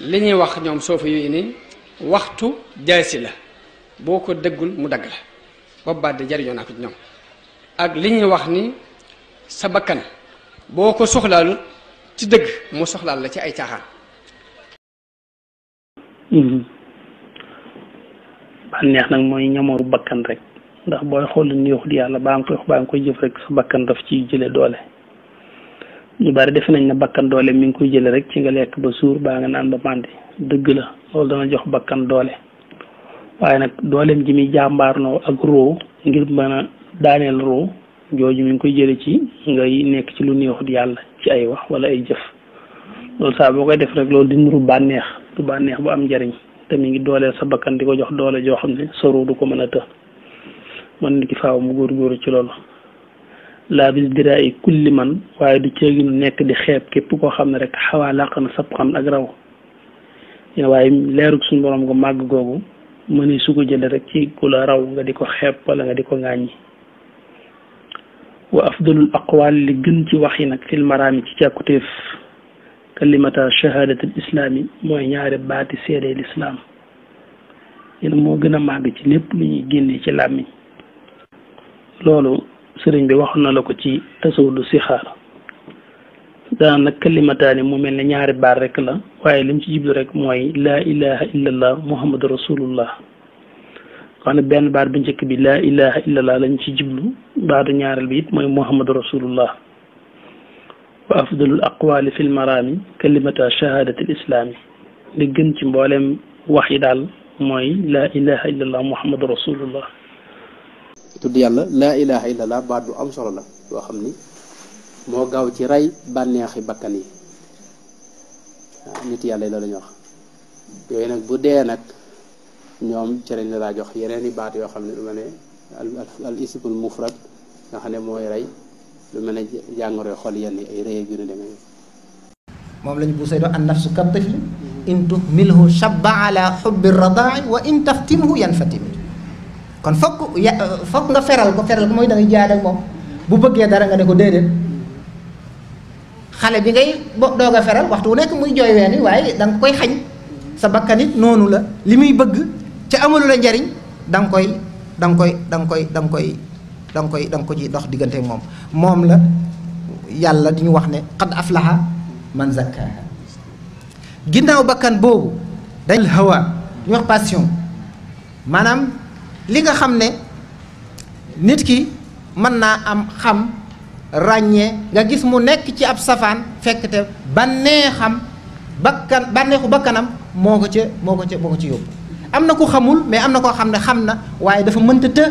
li ñuy wax ñoom soofa yooyu ni waxtu jaay si la boo ko dëggul mu dagg la boobu baat di jariñoo naa ko ci ñoom ak li ñuy wax ni sa bakkan boo ko soxlaalut ci dëgg mu soxlaal la ci ay caaxaan mhm. bànneex nag mooy ñamooru bakkan rek ndax booy xool ni yox di yàlla baa nga koy wax baa nga koy jëf rek sa bakkan daf ciy jële doole ñu bari def nañ na bakkan doole mi ngi koy jël rek ci nga lekk ba suur ba nga naan ba màndi dëgg la loolu dana jox bakkan doole waaye nag dooleem ji muy noo ak roo ngir mën a daaneel roo jooju mi ngi koy jële ci ngay nekk ci lu neexut yàlla ci ay wax wala ay jëf loolu saa boo koy def rek loolu di nuru bànneex du bànneex bu am njariñ te mi ngi dooleel sa bakkan di ko jox doole joo xam ne soroo du ko mën a tëx mën ki faaw mu góor góoru ci loolu laa bis dira kulli man waaye du ceeginu nekk di xeeb képp koo xam ne rek xawaa làq na sab xam ak raw waaye leerug nga màgg googu mëni su ko jële rek ci ku la di ko xeeb wala nga di ko ŋàññi wa afdalul aqwaal li gën ci wax yi nag fil maraami ci càkkutéef kalimata shahadatul islaam yi mooy ñaari baati seedee lislaam yéen moo gën a màgg ci lépp lu ñuy génnee ci làmmiñ loolu سرين بي واخنا لاكو تي تسود سيخار دا نك كلمتان مو ملني نياري بار لم سي جيبل رك لا اله الا الله محمد رسول الله كان بن بار بن بي لا اله الا الله لا نسي جيبل بار نيارل بي موي محمد رسول الله وافضل الاقوال في المرامي كلمه شهاده الاسلام لي گن سي مبولم لا اله الا الله محمد رسول الله تودي الله لا إله إلا الله بعد أم صلى الله وخمني مو غاو تي راي باني اخي بكاني نيت يالا لا نيو خ يوي أنا بو دي نك نيوم تي رين لا جوخ يريني بات يو خامني لو ماني الاسم المفرد نا خاني موي راي لو ماني جانغوري خول يالي اي راي جونو ديمي موم لا نيو بو سيدو النفس كالطفل ان تهمله شب على حب الرضاع وان تفتمه ينفتم kon fokk ya fokk nga feral ko feral ko mooy da ngay ak moom bu bëggee dara nga ne ko déedéet xale bi ngay bo doog a feral waxtu wu nekk muy jooy ween yi waaye da nga koy xañ sa bakkan noonu la li muy bëgg ca amalu la njariñ da nga koy da koy da koy da koy da nga koy ko ci dox diggante moom moom la yàlla di ñu wax ne qad aflaha man zakkaha ginnaaw bakkan boobu dañ hawa ñu wax passion maanaam li nga xam ne nit ki mën naa am xam ràññee nga gis mu nekk ci ab safaan fekk te bànneexam bakkan bànneexu bakkanam moo ko ca moo ko ca moo ko ca yóbbu am na ku xamul mais am na koo xam ne xam na waaye dafa mënta të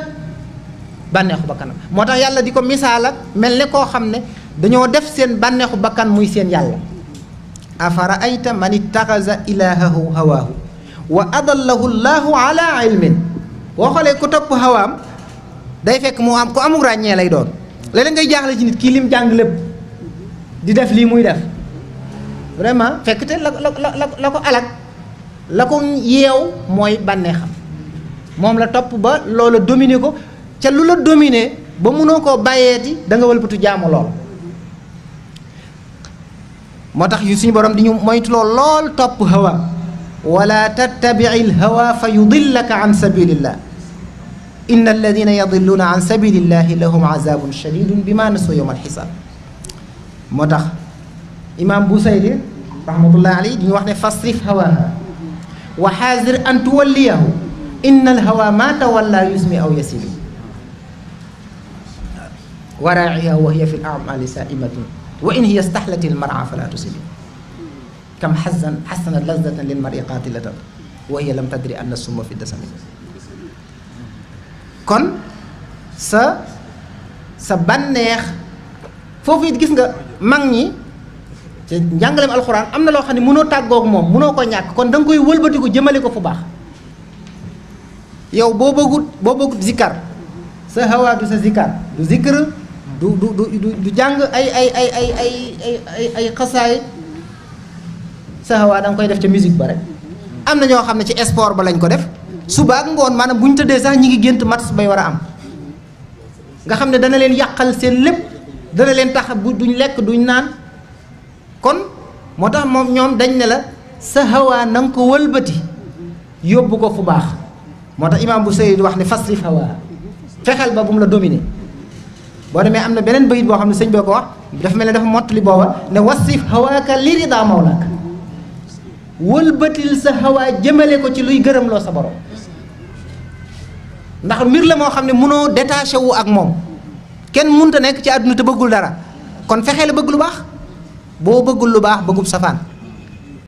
bànneexu bakkanam moo tax yàlla di ko misaala mel ne koo xam ne dañoo def seen bànneexu bakkan muy seen yàlla afara ayta man ittaxasa ilahahu hawaahu wa adallahu llahu ala ilmin boo xoolee ku topp xawaam day fekk mu am ku amul ràññee lay doon léeg ngay jaaxle ci nit kii lim jàng lépp di def lii muy def vraiment fekk te la la la la ko alak la ko yeew mooy bànneexam moom la topp ba loola dominer ko ca lu la dominer ba mënoo koo bàyyeeti da nga wëlbatu jaamu lool. moo tax yu suñu borom di ñu moytuloo lool topp hawa wala tattabi'il hawa fa yudillaka an sabilillah إن الذين يضلون عن سبيل الله لهم عذاب شديد بما نسوا يوم الحساب مدخ إمام بوسيدي رحمة الله عليه دي واحدة فصرف هواها وحاذر أن توليه إن الهوى ما تولى يزمي أو يسيل وراعيها وهي في الأعمال سائمة وإن هي استحلت المرعى فلا تسلم كم حزن حسنت لذة للمريقات لدى وهي لم تدري أن السم في الدسم kon sa sa bànneex foofu it gis nga mag ñi ci njàngaleem alxuraan am na loo xam ne mënoo tàggoog moom mënoo ko ñàkk kon da koy wëlbatiku jëmale ko fu baax yow boo bëggut boo bëggut zikkar sa du sa zikkar du zikr du du du du jàng ay ay ay ay ay ay ay xasaay sa hawaa koy def ca musique ba rek am na ñoo xam ne ci sport ba lañ ko def suba ak ngoon maanaam bu ñu tëddee sax ñi ngi gént match bay war a am nga xam ne dana leen yàqal seen lépp dana leen tax bu duñ lekk duñ naan kon moo tax moom ñoom dañ ne la sa hawaa na nga ko wëlbati yóbbu ko fu baax moo tax imaam bu Seydi wax ne fasrif hawaa fexeel ba bu mu la dominer boo demee am na beneen bayit boo xam ne sëñ boo ko wax dafa mel ne dafa mottali booba ne wasrif hawaaka li ridaa mawlaak wëlbatil sa hawaa jëmale ko ci luy gërëm loo sa borom ndax mbir la moo xam ne munoo détaché wu ak moom kenn mënut a nekk ci àdduna te bëggul dara kon fexee la bëgg lu baax boo bëggul lu baax bëggub safaan